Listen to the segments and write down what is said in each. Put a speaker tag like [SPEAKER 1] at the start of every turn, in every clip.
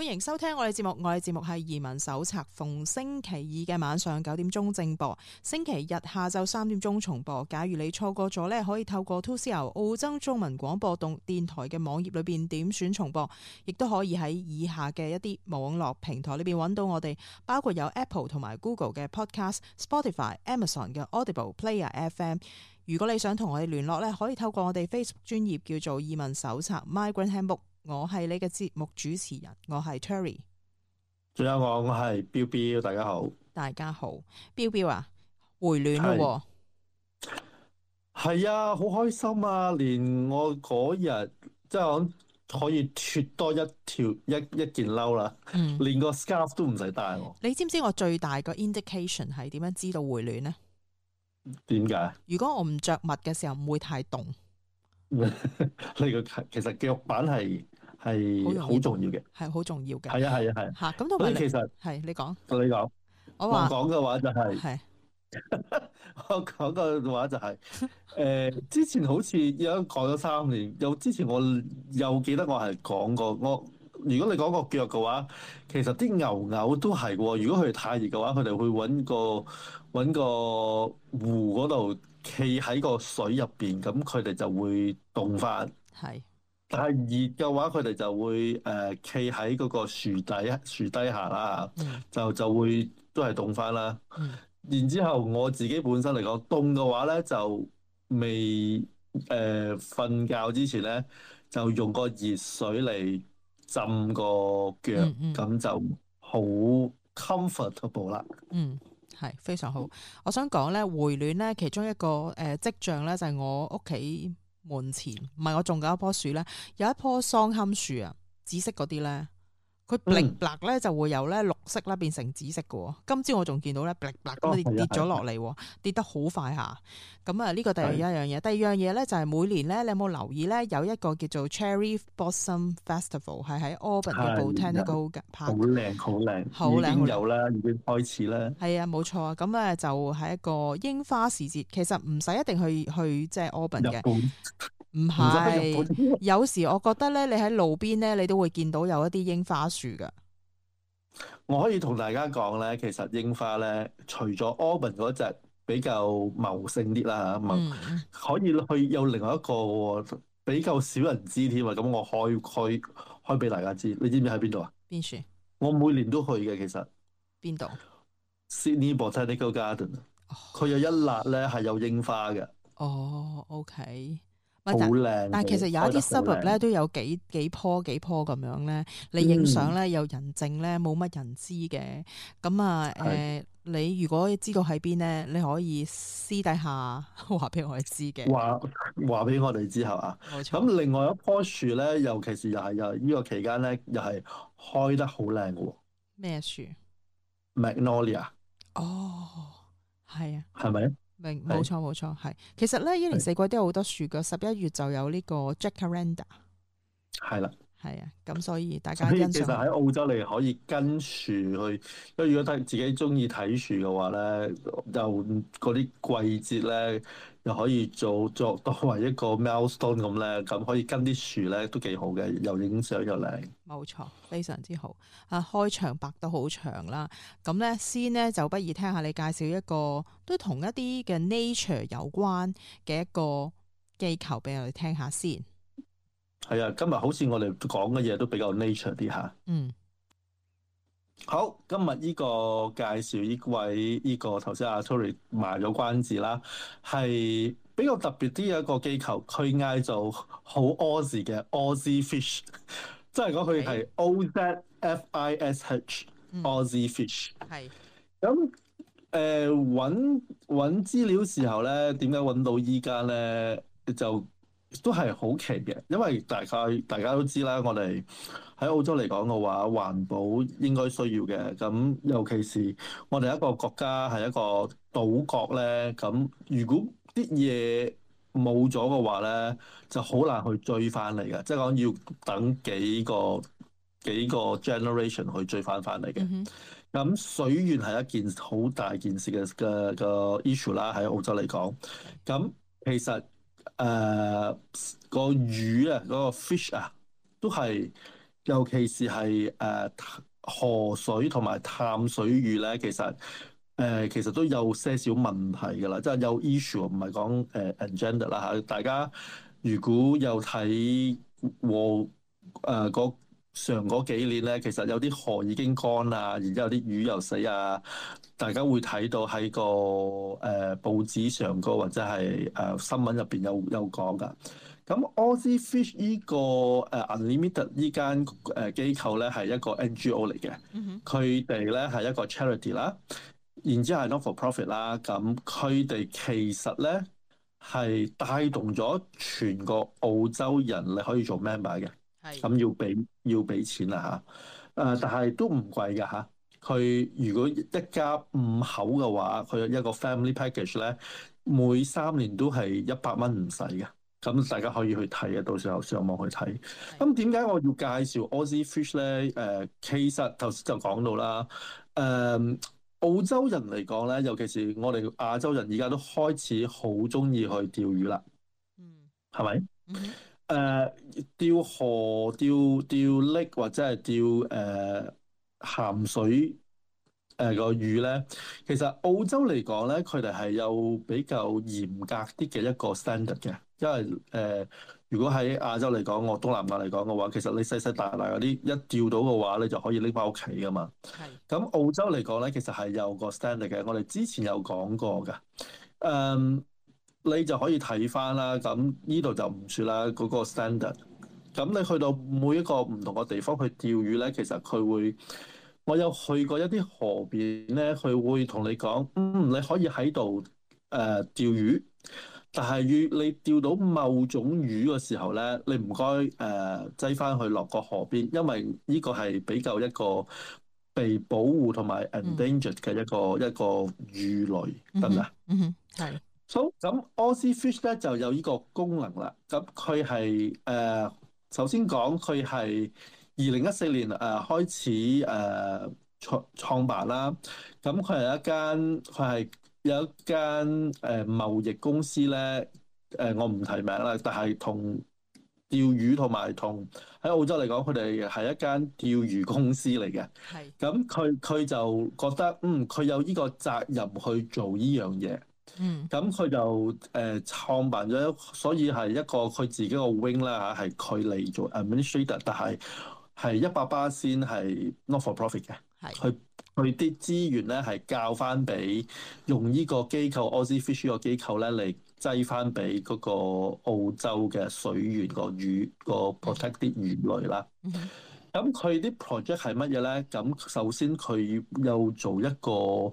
[SPEAKER 1] 歡迎收聽我哋節目，我哋節目係移民手冊，逢星期二嘅晚上九點鐘正播，星期日下晝三點鐘重播。假如你錯過咗咧，可以透過 ToCIO 澳洲中文廣播動電台嘅網頁裏邊點選重播，亦都可以喺以下嘅一啲網絡平台裏邊搵到我哋，包括有 Apple 同埋 Google 嘅 Podcast、Spotify、Amazon 嘅 Audible、Player FM。如果你想同我哋聯絡咧，可以透過我哋 Facebook 專頁叫做移民手冊 Migrant Handbook。Mig 我係你嘅節目主持人，我係 Terry，
[SPEAKER 2] 仲有我，我係 Bill Bill，大家好，
[SPEAKER 1] 大家好，Bill Bill 啊，回暖咯，
[SPEAKER 2] 係啊，好、啊、開心啊，連我嗰日即係我可以脱多一條一一件褸啦，嗯、連個 scarf 都唔使戴我。
[SPEAKER 3] 你知唔知
[SPEAKER 1] 我最大個 indication 係點樣知道回暖呢？
[SPEAKER 2] 點解？
[SPEAKER 1] 如果我唔着襪嘅時候唔會太凍，
[SPEAKER 2] 呢個 其實腳板係。係好重要嘅，
[SPEAKER 1] 係好重要嘅。係啊，係啊，係、啊。嚇、啊，咁都其實係你講。你講，我講說嘅話就係，
[SPEAKER 2] 我講嘅話就係、是，誒、呃，之前好似有講咗三年，又之前我又記得我係講過，我如果你講個腳嘅話，其實啲牛牛都係喎，如果佢太熱嘅話，佢哋會揾個揾個湖嗰度，企喺個水入邊，咁佢哋就會凍返。係、啊。但係熱嘅話，佢哋就會誒企喺嗰個樹底樹底下啦，嗯、就就會都係凍返啦。嗯、然之後我自己本身嚟講，凍嘅話咧就未誒瞓、呃、覺之前咧就用個熱水嚟浸個腳，咁就好 comfortable 啦。嗯，
[SPEAKER 1] 係、嗯、非常好。我想講咧，回暖咧其中一個誒跡、呃、象咧，就係、是、我屋企。門前唔係我種嘅一棵樹咧，有一棵桑葚樹啊，紫色嗰啲咧。佢 bling bling 咧就會由咧綠色啦變成紫色嘅喎，今朝我仲見到咧 bling bling 咁啊跌咗落嚟，跌得好快嚇。咁啊呢個第二一樣嘢，的第二樣嘢咧就係每年咧，你有冇留意咧有一個叫做 Cherry Blossom Festival 係喺 Orban Botanical Park，
[SPEAKER 2] 好靚，好靚，有啦，已經開始啦。
[SPEAKER 1] 係啊，冇錯啊。咁啊就係一個櫻花時節，其實唔使一定去去即係 Orban 嘅。就是唔係， 有時我覺得咧，你喺路邊咧，你都會見到有一啲櫻花樹噶。
[SPEAKER 2] 我可以同大家講咧，其實櫻花咧，除咗 Orban 嗰隻比較茂盛啲啦吓，茂、嗯、可以去有另外一個比較少人知添啊。咁我開開開俾大家知，你知唔知喺邊度啊？
[SPEAKER 1] 邊樹裡？
[SPEAKER 2] 我每年都去嘅，其實。邊度 Sydney Botanical Garden，佢、oh. 有一辣咧係有櫻花嘅。
[SPEAKER 1] 哦、oh,，OK。好靚！但係其實有一啲 suburb 咧都有幾幾棵幾棵咁樣咧，嚟影相咧，有人證咧，冇乜、嗯、人知嘅。咁啊，誒的、呃，你如果知道喺邊咧，你可以私底下話俾我哋知嘅。話
[SPEAKER 2] 話俾我哋知係嘛？冇錯錯。咁另外一棵樹咧，尤其是又係又呢個期間咧，又係開得好靚嘅。咩樹？Magnolia。哦 Magn
[SPEAKER 1] olia，係啊、oh,。係咪？明冇錯冇錯係，其實咧一年四季都有好多樹嘅，十一的月就有呢個 Jacaranda，係啦的，係啊，咁所以大家其實喺
[SPEAKER 2] 澳洲你可以跟樹去，因為如果睇自己中意睇樹嘅話咧，就嗰啲季節咧。又可以做作，作為一個 milestone 咁咧，咁可以跟啲樹咧都幾好嘅，又影相又靚。
[SPEAKER 1] 冇錯，非常之好。啊，開場白得好長啦，咁咧先咧就不如聽下你介紹一個都同一啲嘅 nature 有關嘅一個機構俾我哋聽下先。
[SPEAKER 2] 係啊，今日好似我哋講嘅嘢都比較 nature 啲吓。嗯。好，今日呢個介紹呢位呢、這個頭先阿 Tury 賣咗關子啦，係比較特別啲嘅一個機構，佢嗌做好 Aussie 嘅 OZ Fish，即係講佢係 O Z F I S H OZ Okay. Fish。係、mm.。咁誒揾揾資料時候咧，點解揾到依家咧就？都係好奇嘅，因為大家大家都知啦，我哋喺澳洲嚟講嘅話，環保應該需要嘅。咁尤其是我哋一個國家係一個島國咧，咁如果啲嘢冇咗嘅話咧，就好難去追翻嚟嘅。即係講要等幾個幾個 generation 去追翻翻嚟嘅。咁水源係一件好大件事嘅嘅個 issue 啦，喺澳洲嚟講。咁其實誒、呃那個魚啊，嗰、那個 fish 啊，都係，尤其是係誒、呃、河水同埋淡水魚咧，其實誒、呃、其實都有些少問題噶啦，即係有 issue，唔係講 agenda 啦嚇。大家如果有睇和嗰，呃那個上嗰幾年咧，其實有啲河已經乾啦，然之後啲魚又死啊！大家會睇到喺個誒、呃、報紙上個或者係誒、呃、新聞入邊有有講噶。咁 OzFish 呢、呢個誒、uh, Unlimited 呢間機構咧係一個 NGO 嚟嘅，佢哋咧係一個 charity 啦，然之後係 not for profit 啦。咁佢哋其實咧係帶動咗全個澳洲人你可以做 member 嘅。係咁、嗯嗯、要俾要俾錢啦嚇，誒、啊、但係都唔貴嘅嚇。佢、啊、如果一家五口嘅話，佢有一個 family package 咧，每三年都係一百蚊唔使嘅。咁、啊、大家可以去睇呀，到時候上網去睇。咁點解我要介紹 OZ Fish 咧？誒、啊，其實頭先就講到啦。誒、啊，澳洲人嚟講咧，尤其是我哋亞洲人，而家都開始好中意去釣魚啦。嗯，係咪吧？嗯誒釣、uh, 河釣釣鈪或者係釣誒鹹水誒、uh, 個魚咧，其實澳洲嚟講咧，佢哋係有比較嚴格啲嘅一個 standard 嘅，因為誒，uh, 如果喺亞洲嚟講，我東南亞嚟講嘅話，其實你細細大大嗰啲一釣到嘅話，你就可以拎翻屋企噶嘛。係的。咁澳洲嚟講咧，其實係有個 standard 嘅，我哋之前有講過嘅。嗯、um,。你就可以睇翻啦，咁呢度就唔算啦。嗰個 standard，咁你去到每一個唔同嘅地方去釣魚咧，其實佢會，我有去過一啲河邊咧，佢會同你講，嗯，你可以喺度誒釣魚，但係如果你釣到某種魚嘅時候咧，你唔該誒擠翻去落個河邊，因為呢個係比較一個被保護同埋 endangered 嘅一個、嗯、一個一個魚類，得唔得啊？吧嗯哼，係。好，咁，OZ Fish 咧就有呢個功能啦。咁佢係誒首先講，佢係二零一四年誒開始誒、呃、創創辦啦。咁佢係一間佢係有一間誒、呃、貿易公司咧。誒、呃、我唔提名啦，但係同釣魚同埋同喺澳洲嚟講，佢哋係一間釣魚公司嚟嘅。係是。咁佢佢就覺得嗯，佢有呢個責任去做呢樣嘢。嗯，咁佢就誒、呃、創辦咗，所以係一個佢自己個 wing 啦嚇，係佢嚟做 administrator，但係係一百巴仙，係 not for profit 嘅，係佢佢啲資源咧係教翻俾用呢個機構 OZ Fish 嘅機構咧嚟擠翻俾嗰個澳洲嘅水源個魚個 protect 啲魚類啦。咁佢啲 project 係乜嘢咧？咁首先佢又做一個。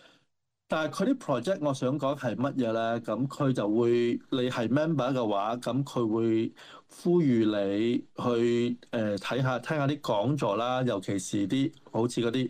[SPEAKER 2] 但係佢啲 project，我想講係乜嘢咧？咁佢就會，你係 member 嘅話，咁佢會呼籲你去誒睇下聽下啲講座啦，尤其是啲好似嗰啲。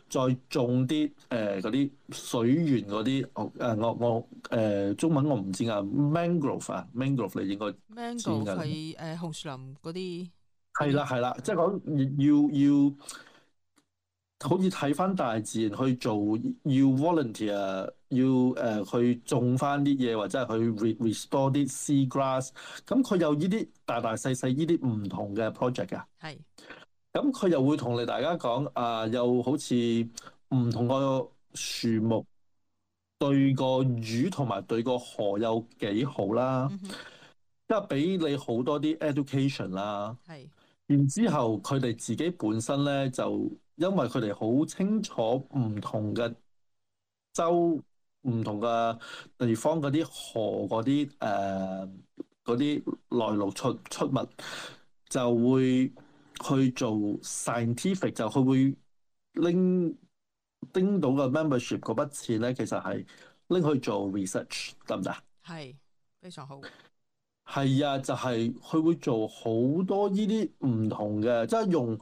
[SPEAKER 2] 再種啲誒嗰啲水源嗰啲，誒、呃、我我誒、呃、中文我唔知啊，mangrove 啊 Mang，mangrove 你應該，mangrove 係誒紅樹林嗰啲。係啦係啦，即係講要要，要，好似睇翻大自然去做，要 volunteer，要誒、呃、去種翻啲嘢，或者係去 re restore 啲 sea grass。咁佢有呢啲大大細細呢啲唔同嘅 project 㗎。係。咁佢又會同你大家講啊、呃，又好似唔同個樹木對個魚同埋對個河有幾好啦，mm hmm. 因為俾你好多啲 education 啦。
[SPEAKER 3] 係、mm，hmm.
[SPEAKER 2] 然之後佢哋自己本身咧，就因為佢哋好清楚唔同嘅州、唔、mm hmm. 同嘅地方嗰啲河嗰啲誒嗰啲內陸出出物就會。去做 scientific 就佢會拎拎到個 membership 嗰筆錢咧，其實係拎去做 research 得唔得？
[SPEAKER 1] 係非常好。
[SPEAKER 2] 係啊，就係、是、佢會做好多呢啲唔同嘅，即係用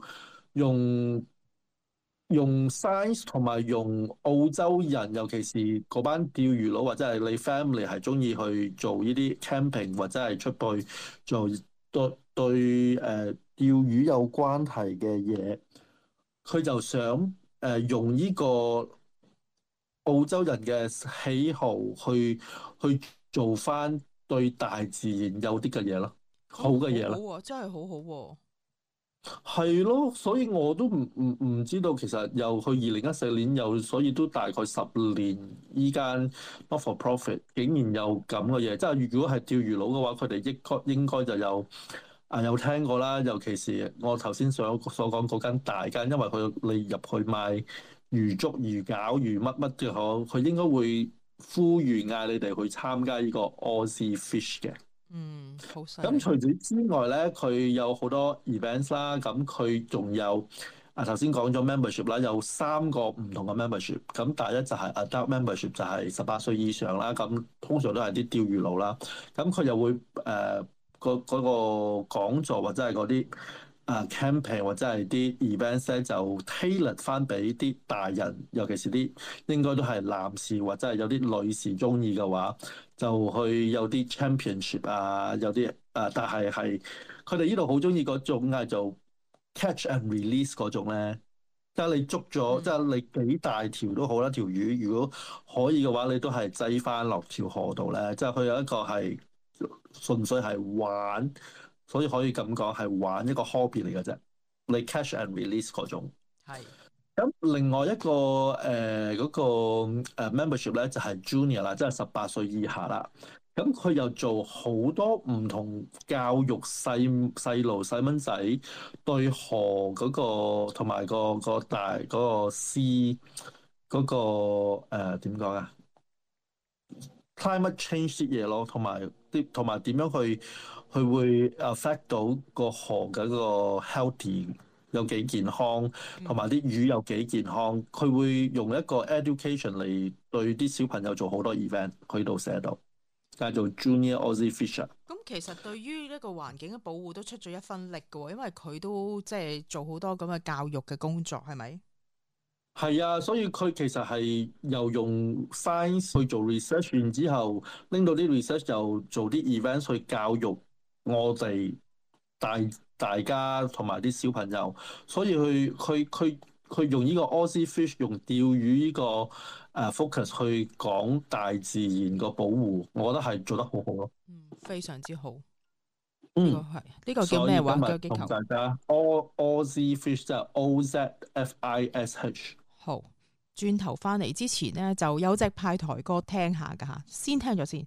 [SPEAKER 2] 用用 science 同埋用澳洲人，尤其是嗰班釣魚佬或者係你 family 係中意去做呢啲 camping 或者係出去做對對誒。呃釣魚有關係嘅嘢，佢就想誒、呃、用呢個澳洲人嘅喜好去去做翻對大自然有啲嘅嘢咯，好嘅嘢咯，真
[SPEAKER 1] 係好好喎、
[SPEAKER 2] 啊。係咯，所以我都唔唔唔知道，其實又去二零一四年又所以都大概十年依間 not for profit 竟然有咁嘅嘢，即係如果係釣魚佬嘅話，佢哋應該應該就有。啊，有聽過啦，尤其是我頭先所所講嗰間大間，因為佢你入去賣魚粥、魚餃、魚乜乜都好，佢應該會呼籲嗌你哋去參加呢個 OZ Fish 嘅。嗯，
[SPEAKER 1] 好細。咁除此
[SPEAKER 2] 之外咧，佢有好多 events 啦，咁佢仲有啊頭先講咗 membership 啦，有三個唔同嘅 membership，咁第一就係 adult membership 就係十八歲以上啦，咁通常都係啲釣魚佬啦，咁佢又會誒。呃嗰嗰個講座或者係嗰啲啊、uh, campaign 或者係啲 events 咧，就 tailor 翻俾啲大人，尤其是啲應該都係男士或者係有啲女士中意嘅話，就去有啲 championship 啊，有啲啊，但係係佢哋呢度好中意嗰種嗌做 catch and release 嗰種咧，即係你捉咗，即係、嗯、你幾大條都好啦，條魚如果可以嘅話，你都係擠翻落條河度咧，即係佢有一個係。純粹係玩，所以可以咁講係玩一個 hobby 嚟嘅啫，你 catch and release 嗰種係。咁的另外一個誒嗰、呃那個誒 membership 咧就係、是、junior 啦，即係十八歲以下啦。咁佢又做好多唔同教育細細路細蚊仔對何嗰、那個同埋、那個、那個大嗰、那個 C 嗰、那個誒點講啊？呃 climate change 啲嘢咯，同埋啲同埋點樣去，佢會 affect 到個河嘅個 healthy 有幾健康，同埋啲魚有幾健康，佢會用一個 education 嚟對啲小朋友做好多 event，佢度寫到，叫做 Junior Aussie Fisher。
[SPEAKER 1] 咁、嗯、其實對於呢個環境嘅保護都出咗一分力嘅喎，因為佢都即係、就是、做好多咁嘅教育嘅工作，係咪？
[SPEAKER 2] 係啊，所以佢其實係又用 science 去做 research，然之後拎到啲 research 又做啲 event 去教育我哋大大家同埋啲小朋友。所以佢佢佢佢用呢個 OzFish 用釣魚呢個誒 focus 去講大自然個保護，我覺得係做得好好咯。嗯，
[SPEAKER 1] 非常之好。這個、嗯，係呢個叫咩話？腳擊球大
[SPEAKER 2] 家 Oz Oz Fish 就係 O Z F I S H。
[SPEAKER 1] 好，轉頭翻嚟之前呢，就有隻派台歌聽下噶吓，先聽咗先。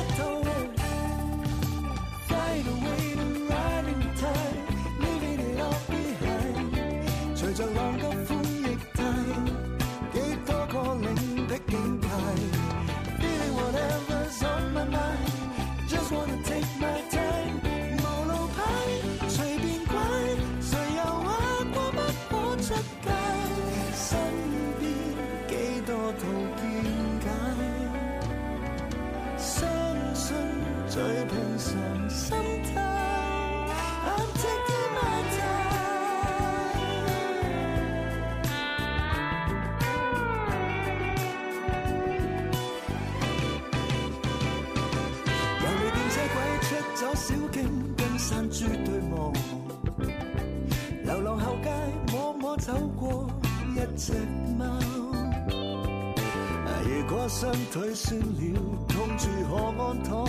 [SPEAKER 4] 我雙腿酸了，痛住何安躺，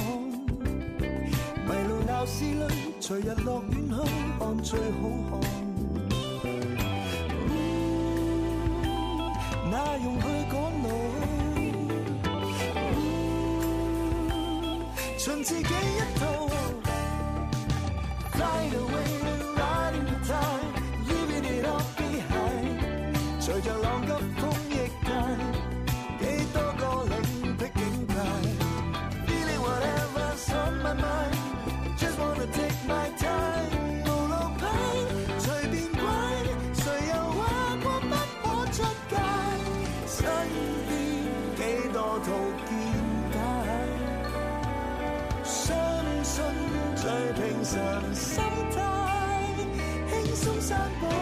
[SPEAKER 4] 迷路鬧市裏，隨日落遠去看最好看、嗯。那哪用去趕路？唔、嗯，循自己一套。心態輕鬆，散步。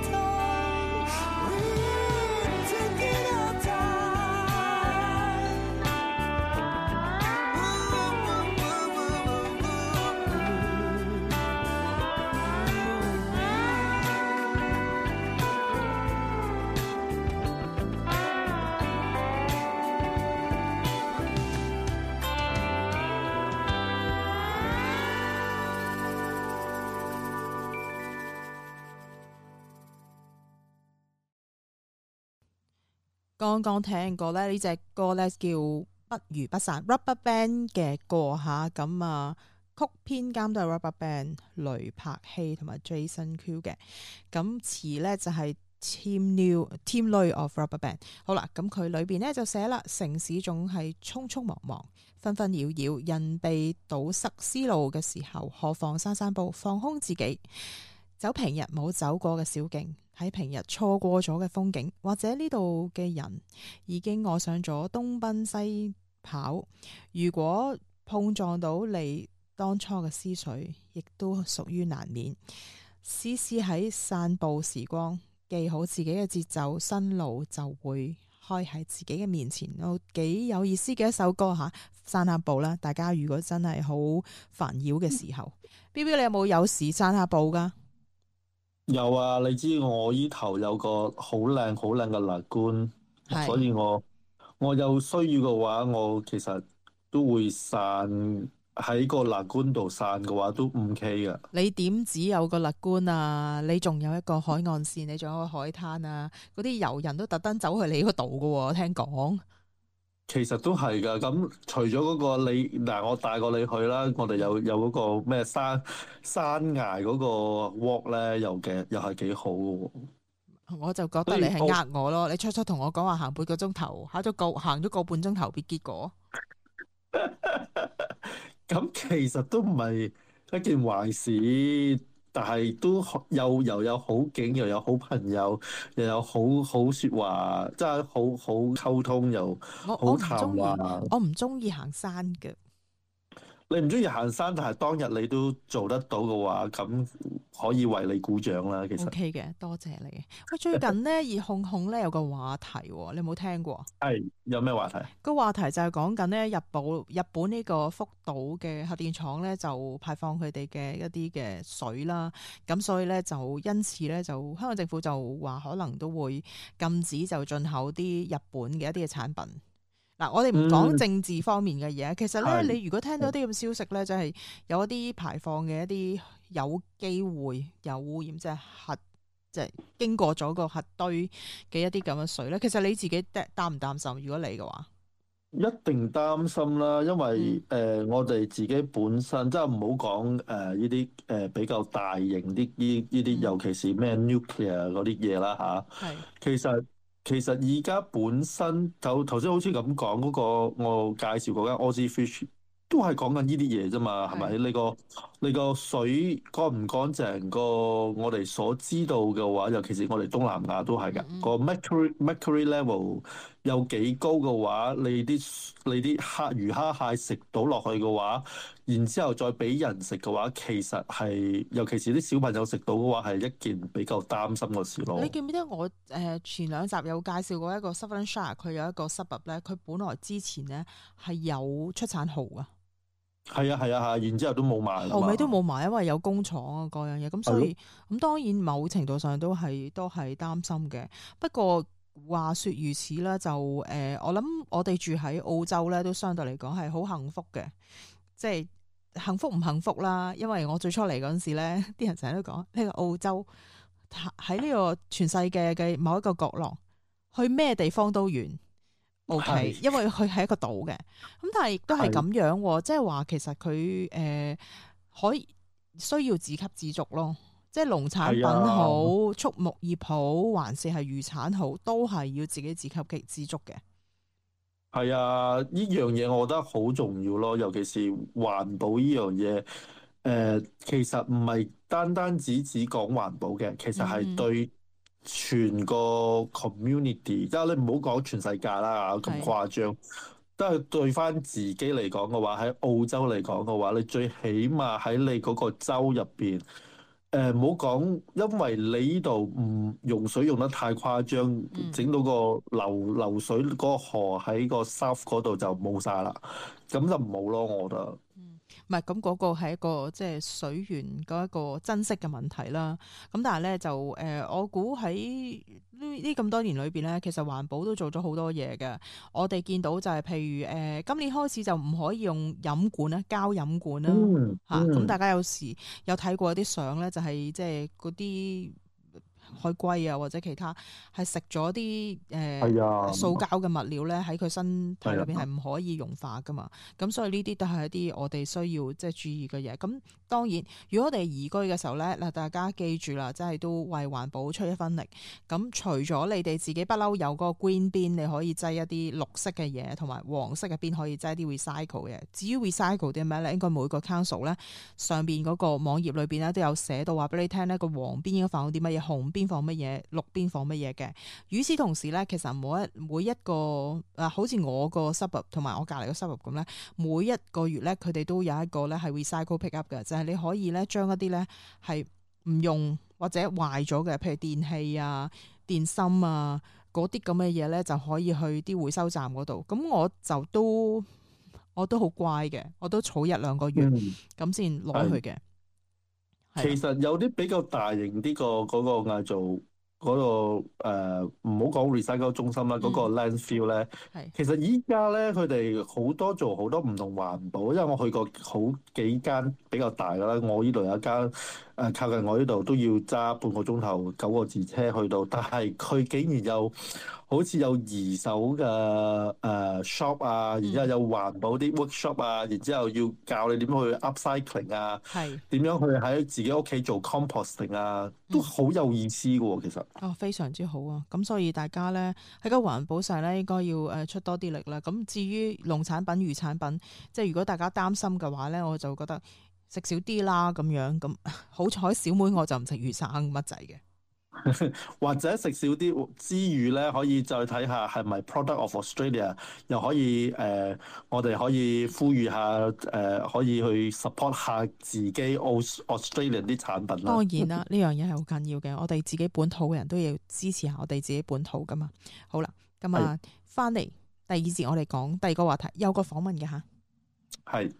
[SPEAKER 1] 剛剛聽過咧呢隻歌咧叫《不如散步》，Rubberband 嘅歌下，咁啊曲編監都係 Rubberband 雷柏希同埋 Jason Q 嘅，咁詞咧就係 Team New Team Lead of Rubberband。好啦，咁佢裏邊咧就寫啦，城市總係匆匆忙忙，紛紛擾擾，人被堵塞思路嘅時候，何妨散散步，放空自己。走平日冇走過嘅小徑，喺平日錯過咗嘅風景，或者呢度嘅人已經愛上咗東奔西跑。如果碰撞到你當初嘅思緒，亦都屬於難免。絲絲喺散步時光，記好自己嘅節奏，新路就會開喺自己嘅面前。都幾有意思嘅一首歌吓，啊，散下步啦。大家如果真係好煩擾嘅時候 ，Bill Bill，你有冇有，有時散下步㗎？
[SPEAKER 2] 有啊，你知我依頭有個好靚好靚嘅 Lagoon, 是所以我我有需要嘅話，我其實都會散喺個，個 Lagoon 度散嘅話都唔奇嘅。
[SPEAKER 1] 你點只有個 Lagoon 啊？你仲有一個海岸線，你仲有個海灘啊？嗰啲遊人都特登走去你嗰度嘅，聽講。
[SPEAKER 2] 其實都係噶，咁除咗嗰個你嗱，我帶過你去啦，我哋有有嗰個咩山山崖嗰個 walk 咧，又嘅又係幾好啊。我就覺
[SPEAKER 1] 得你係呃我咯，以你初初同我講話行半個鐘頭，行咗個行咗個半鐘頭，必結果。
[SPEAKER 2] 咁 其實都唔係一件壞事。但係都又又有好景，又有好朋友，又有好好説話，真係好好溝通，又好中意。我唔
[SPEAKER 1] 中意行山㗎。
[SPEAKER 2] 你唔中意行山，但係當日你都做得到嘅話，咁可以為你鼓掌啦。其實 O K
[SPEAKER 1] 嘅，多謝你。喂，最近咧熱烘烘咧有個話題， 你有冇聽過？
[SPEAKER 2] 係，有咩話題？
[SPEAKER 1] 個話題就係講緊咧日本日本呢個福島嘅核電廠咧就排放佢哋嘅一啲嘅水啦，咁所以咧就因此咧就香港政府就話可能都會禁止就進口啲日本嘅一啲嘅產品。嗱、啊，我哋唔講政治方面嘅嘢，嗯、其實咧，是你如果聽到啲咁消息咧，嗯、就係有一啲排放嘅一啲有機會有污染，即、就、係、是、核，即、就、係、是、經過咗個核堆嘅一啲咁嘅水咧。其實你自己擔唔擔心？如果你嘅話，
[SPEAKER 2] 一定擔心啦，因為誒、嗯呃、我哋自己本身即係唔好講誒呢啲誒比較大型啲呢呢啲，尤其是咩 nuclear 嗰啲嘢啦吓，係、嗯，嗯、其實。其實而家本身就頭先好似咁講嗰個，我介紹嗰間 OZ Fish 都係講緊呢啲嘢啫嘛，係咪的？你個你個水乾唔乾淨個，我哋所知道嘅話，尤其是我哋東南亞都係㗎、嗯、個 Mercury Mercury Level。有幾高嘅話，你啲你啲蝦魚蝦蟹食到落去嘅話，然之後再俾人食嘅話，其實係尤其是啲小朋友食到嘅話，係一件比較擔心嘅事咯。你記
[SPEAKER 1] 唔記得我誒、呃、前兩集有介紹過一個 Southern Shire，佢有一個 suburb 咧，佢本來之前咧係有出產蠔噶，
[SPEAKER 2] 係啊係啊係，然之後都冇賣，後尾
[SPEAKER 1] 都冇賣，因為有工廠嗰樣嘢。咁所以咁、哎、呦當然某程度上都係都係擔心嘅，不過。話說如此啦，就誒、呃，我諗我哋住喺澳洲咧，都相對嚟講係好幸福嘅，即係幸福唔幸福啦。因為我最初嚟嗰陣時咧，啲人成日都講呢個澳洲喺呢個全世界嘅某一個角落，去咩地方都遠，OK。OK? 是因為佢係一個島嘅，咁但係亦都係咁樣，是即係話其實佢誒、呃、可以需要自給自足咯。即係農產品好，啊、畜牧業好，還是係漁產好，都係要自己自給自足嘅。
[SPEAKER 2] 係啊，呢樣嘢我覺得好重要咯。尤其是環保呢樣嘢，誒、呃，其實唔係單單只只講環保嘅，其實係對全個 community、嗯嗯。即係你唔好講全世界啦，咁誇張。都係、啊、對翻自己嚟講嘅話，喺澳洲嚟講嘅話，你最起碼喺你嗰個州入邊。誒，唔好講，因為你呢度唔用水用得太誇張，整、嗯、到個流流水嗰河喺個沙嗰度就冇晒啦，咁就唔好咯，我覺得。
[SPEAKER 1] 唔係咁，嗰個係一個即係水源嗰一個珍惜嘅問題啦。咁但係咧就誒、呃，我估喺呢呢咁多年裏邊咧，其實環保都做咗好多嘢嘅。我哋見到就係、是、譬如誒、呃，今年開始就唔可以用飲管咧，膠飲管啦嚇。咁、嗯嗯啊、大家有時有睇過啲相咧，就係、是、即係嗰啲。海龜啊，或者其他係食咗啲誒塑膠嘅物料咧，喺佢身體裏邊係唔可以溶化噶嘛。咁、哎、呀所以呢啲都係一啲我哋需要即係注意嘅嘢。咁當然，如果我哋移居嘅時候咧，嗱大家記住啦，即係都為環保出一分力。咁除咗你哋自己不嬲有嗰個 green b 你可以擠一啲綠色嘅嘢，同埋黃色入邊可以擠啲 recycle 嘅。至於 recycle 啲咩咧，應該每個 council 咧上邊嗰個網頁裏邊咧都有寫到話俾你聽咧，那個黃邊應該到啲乜嘢，紅邊邊放乜嘢，六邊放乜嘢嘅。與此同時咧，其實每每一個誒、啊，好似我個 suburb 同埋我隔籬嘅 suburb 咁咧，每一個月咧，佢哋都有一個咧係 recycle pickup 嘅，就係、是、你可以咧將一啲咧係唔用或者壞咗嘅，譬如電器啊、電芯啊嗰啲咁嘅嘢咧，就可以去啲回收站嗰度。咁我就都我都好乖嘅，我都儲一兩個月咁先攞去嘅。嗯
[SPEAKER 2] 其實有啲比較大型啲、嗰個嗰、嗰個嗌做嗰、嗰個唔好講 recycle 中心啦，嗰、嗰個 landfill 咧、嗯，其實依家咧佢哋好多做好多唔同環保，因為我去過好幾間比較大嘅啦。我呢度有一間。誒靠近我呢度都要揸半個鐘頭九個字車去到，但係佢竟然有好似有二手嘅誒、呃 shop, 啊、shop 啊，然之後有環保啲 workshop 啊，然之後要教你點去 upcycling 啊，點是樣去喺自己屋企做 composting 啊，都好有意思嘅喎、啊，其實
[SPEAKER 1] 哦非常之好啊，咁所以大家咧喺個環保上咧應該要誒出多啲力啦。咁至於農產品、漁產品，即係如果大家擔心嘅話咧，我就覺得。食少啲啦，咁樣咁好彩，小妹我就唔食魚生乜仔嘅。
[SPEAKER 2] 或者食少啲之餘咧，可以再睇下係咪 product of Australia，又可以誒、呃，我哋可以呼籲下誒、呃，可以去 support 下自己 Australian 啲產品啦。當然啦，
[SPEAKER 1] 呢樣嘢係好緊要嘅，我哋自己本土嘅人都要支持下我哋自己本土噶嘛。好啦，咁啊，翻嚟是第二節，我哋講第二個話題，有個訪問嘅吓。
[SPEAKER 2] 係。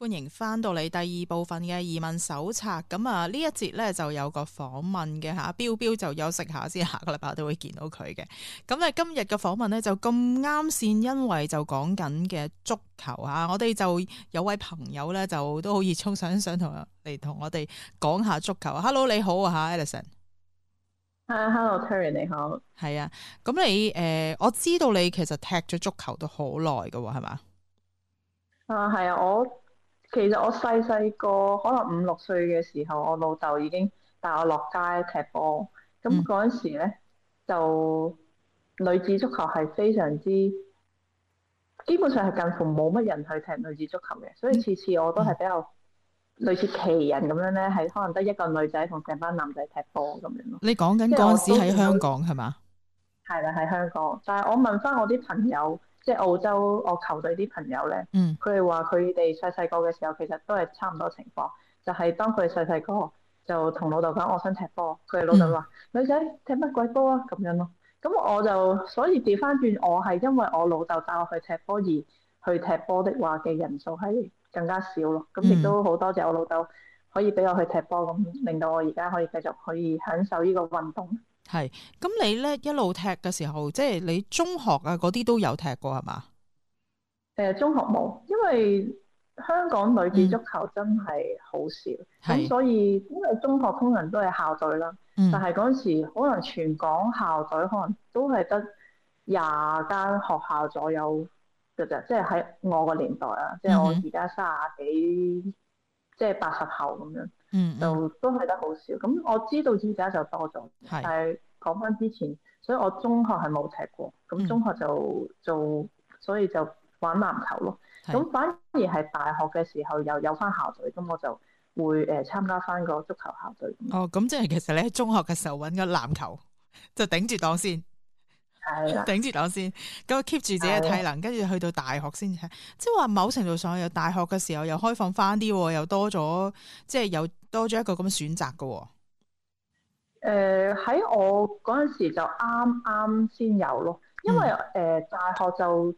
[SPEAKER 1] 歡迎翻到你第二部分嘅移民手冊。咁啊，一節呢一節咧就有個訪問嘅吓，Bill Bill 就休息下先。下個禮拜都會見到佢嘅。咁咧今日嘅訪問咧就咁啱先，因為就講緊嘅足球吓，我哋就有位朋友咧就都好熱衷想，想想同嚟同我哋講下足球。Hello，你好啊，吓，Alison。
[SPEAKER 5] Hello，Terry，你好。
[SPEAKER 1] 係啊，咁你誒、呃，我知道你其實踢咗足球都好耐噶，係嘛？
[SPEAKER 5] 啊，係啊，我。其實我細細個可能五六歲嘅時候，我老豆已經帶我落街踢波。咁嗰陣時咧，嗯、就女子足球係非常之，基本上係近乎冇乜人去踢女子足球嘅。所以次次我都係比較類似奇人咁樣咧，係、嗯、可能得一個女仔同成班男仔踢波咁樣咯。
[SPEAKER 1] 你講緊嗰陣時喺香港係嘛？
[SPEAKER 5] 係啦，喺香港。但係我問翻我啲朋友。即澳洲我球隊啲朋友咧，佢哋話佢哋細細個嘅時候，其實都係差唔多情況，就係、是、當佢哋細細個就同老豆講我想踢波，佢哋老豆話、嗯、女仔踢乜鬼波啊咁樣咯。咁我就所以調翻轉，我係因為我老豆帶我去踢波而去踢波的話嘅人數係更加少咯。咁亦都好多謝我老豆可以俾我去踢波，咁令到我而家可以繼續可以享受呢個運動。係，咁你咧一
[SPEAKER 1] 路踢嘅時候，即係你中學啊嗰啲都有踢過係嘛？
[SPEAKER 5] 誒，中學冇，因為香港女子足球真係好少，咁、嗯、所以因為中學通常都係校隊啦，但係嗰時可能全港校隊可能都係得廿間學校左右嘅啫，即係喺我個年代啊，即係、嗯、哼我而家卅幾。即係八十後咁樣，嗯嗯，就都係得好少。咁我知道依家就多咗，是但係講翻之前，所以我中學係冇踢過。咁中學就做，嗯、所以就玩籃球咯。咁是反而係大學嘅時候又有翻校隊，咁我就會誒、呃、參加翻個足球校隊。
[SPEAKER 1] 哦，咁即係其實你喺中學嘅時候搵個籃球就頂住檔先。頂住檔先，咁 keep 住自己嘅體能，跟住了去到大學先，即係話某程度上有大學嘅時候又開放翻啲，又多咗，即係又多咗一個咁嘅選擇㗎。誒、
[SPEAKER 5] 呃，喺我嗰陣時就啱啱先有咯，因為誒、呃、大學就。嗯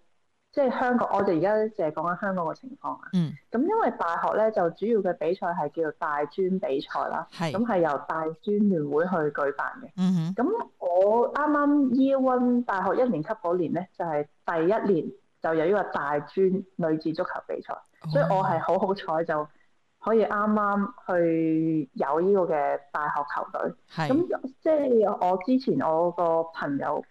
[SPEAKER 5] 即係香港，我哋而家淨係講緊香港嘅情況啊。嗯。咁因為大學咧，就主要嘅比賽係叫做大專比賽啦。係。咁係由大專聯會去舉辦嘅。嗯哼。咁我啱啱 Year One 大學一年級嗰年咧，就係第一年就有呢個大專女子足球比賽，嗯。所以我係好好彩就可以啱啱去有呢個嘅大學球隊。係。咁即係我之前我個朋友。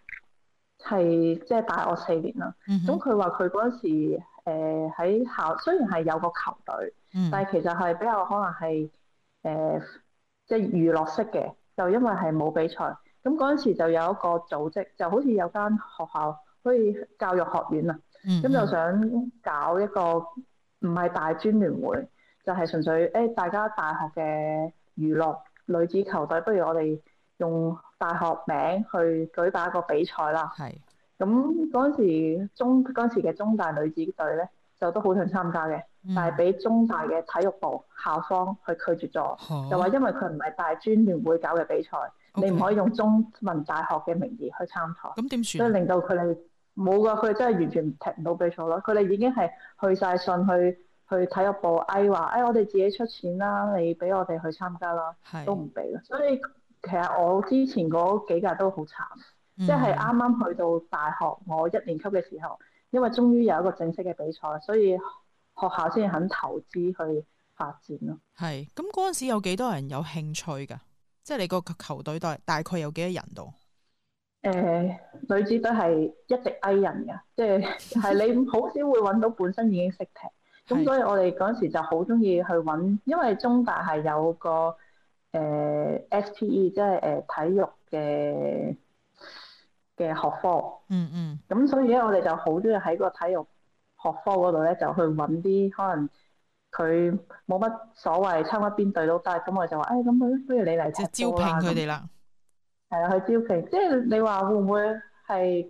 [SPEAKER 5] 係即係大學四年啦，咁佢話佢嗰陣時，喺、呃、校雖然係有個球隊，mm hmm. 但係其實係比較可能係誒即係娛樂式嘅，就因為係冇比賽。咁嗰陣時就有一個組織，就好似有間學校，好似教育學院啊，咁、mm hmm. 就想搞一個唔係大專聯會，就係、是、純粹誒、哎、大家大學嘅娛樂女子球隊，不如我哋，用大學名去舉辦一個比賽啦。係是。咁嗰陣時中嗰陣時嘅中大女子隊咧，就都好想參加嘅，嗯、但係俾中大嘅體育部校方去拒絕咗，哦、就話因為佢唔係大專聯會搞嘅比賽，哦、你唔可以用中文大學嘅名義去參賽。咁點算？所以令到佢哋冇噶，佢哋真係完全踢唔到比賽咯。佢哋已經係去晒信去去體育部求求，哎話，哎，我哋自己出錢啦，你俾我哋去參加啦，是是都唔俾。所以。所以其實我之前嗰幾屆都好慘，嗯、
[SPEAKER 2] 即係啱
[SPEAKER 5] 啱去到大學，我一年級嘅時候，因為終於有一個正式嘅比賽，所以學校先肯投資去發展咯。
[SPEAKER 1] 係，咁嗰陣時有幾多人有興趣㗎？即係你個球隊大大概有幾多人度？誒、呃，
[SPEAKER 5] 女子隊係一直矮人㗎，即係係你好少會揾到本身已經識踢，咁 所以我哋嗰陣時就好中意去揾，因為中大係有個。誒 s、uh, t e 即係誒、呃、體育嘅嘅學科，嗯嗯，咁、嗯、所以咧我哋就好中意喺個體育學科嗰度咧就去揾啲可能佢冇乜所謂，參加邊隊都得，咁我就話，誒、哎、咁，不如你嚟接、啊、招啦！聘佢哋啦，係、嗯、啦，去招聘。即係你話會唔會係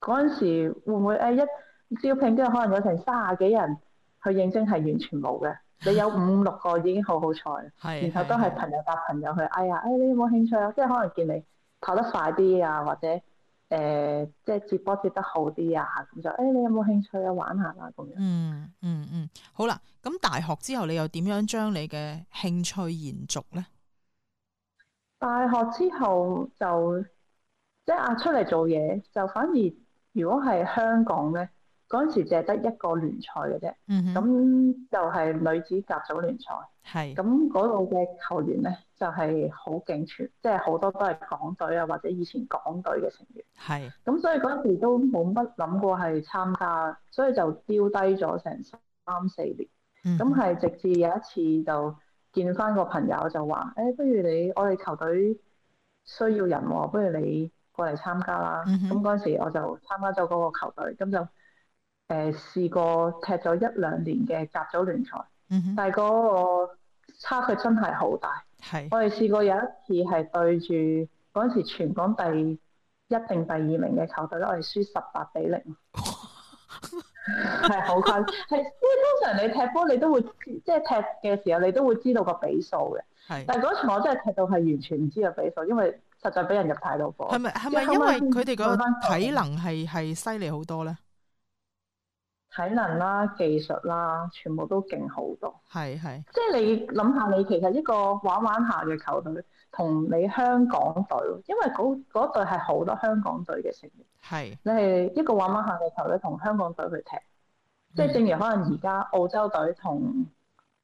[SPEAKER 5] 嗰陣時會唔會誒、哎、一招聘即係可能有成三廿幾三十幾人去應徵係完全冇嘅。你有五六個已經好好彩， 然後都係朋友搭朋友去。哎呀，誒、哎、你有冇興趣啊？即係可能見你跑得快啲啊，或者誒即係接波接得好啲啊，咁就誒你有冇興趣啊玩下啦咁樣。嗯嗯嗯，
[SPEAKER 1] 好啦，咁大學之後你又點樣將你嘅興趣延續咧？
[SPEAKER 5] 大學之後就即係啊出嚟做嘢，就反而如果係香港咧。嗰陣時淨係得一個聯賽嘅啫，咁、嗯、哼就係女子甲組聯賽。係咁，嗰度嘅球員呢，就係好勁全，即係好多都係港隊啊，或者以前港隊嘅成員。係咁是，所以嗰陣時都冇乜諗過係參加，所以就丟低咗成三四年。咁係、嗯、哼直至有一次就見翻個朋友就話，誒、欸，不如你我哋球隊需要人喎。哦，不如你過嚟參加啦。咁嗰陣時我就參加咗嗰個球隊，咁就。誒，試過踢咗一兩年嘅甲組聯賽，嗯、哼但係嗰個差距真係好大。係是，我哋試過有一次係對住嗰時全港第一定第二名嘅球隊，我哋輸十八比零，係好困。係，因為通常你踢波你都會即係、就是、踢嘅時候你都會知道個比數嘅。係是，但係嗰次我真係踢到係完全唔知個比數，因為實在俾人入太多波。係咪係咪因為佢哋嗰班體能係係犀利好多咧？ 體能啦、技術啦，全部都勁好多。係係，即係你諗下，你其實一個玩玩下嘅球隊，同你香港隊，因為嗰嗰隊係好多香港隊嘅成員。係。你係一個玩玩下嘅球隊同香港隊去踢，嗯、即係正如可能而家澳洲隊同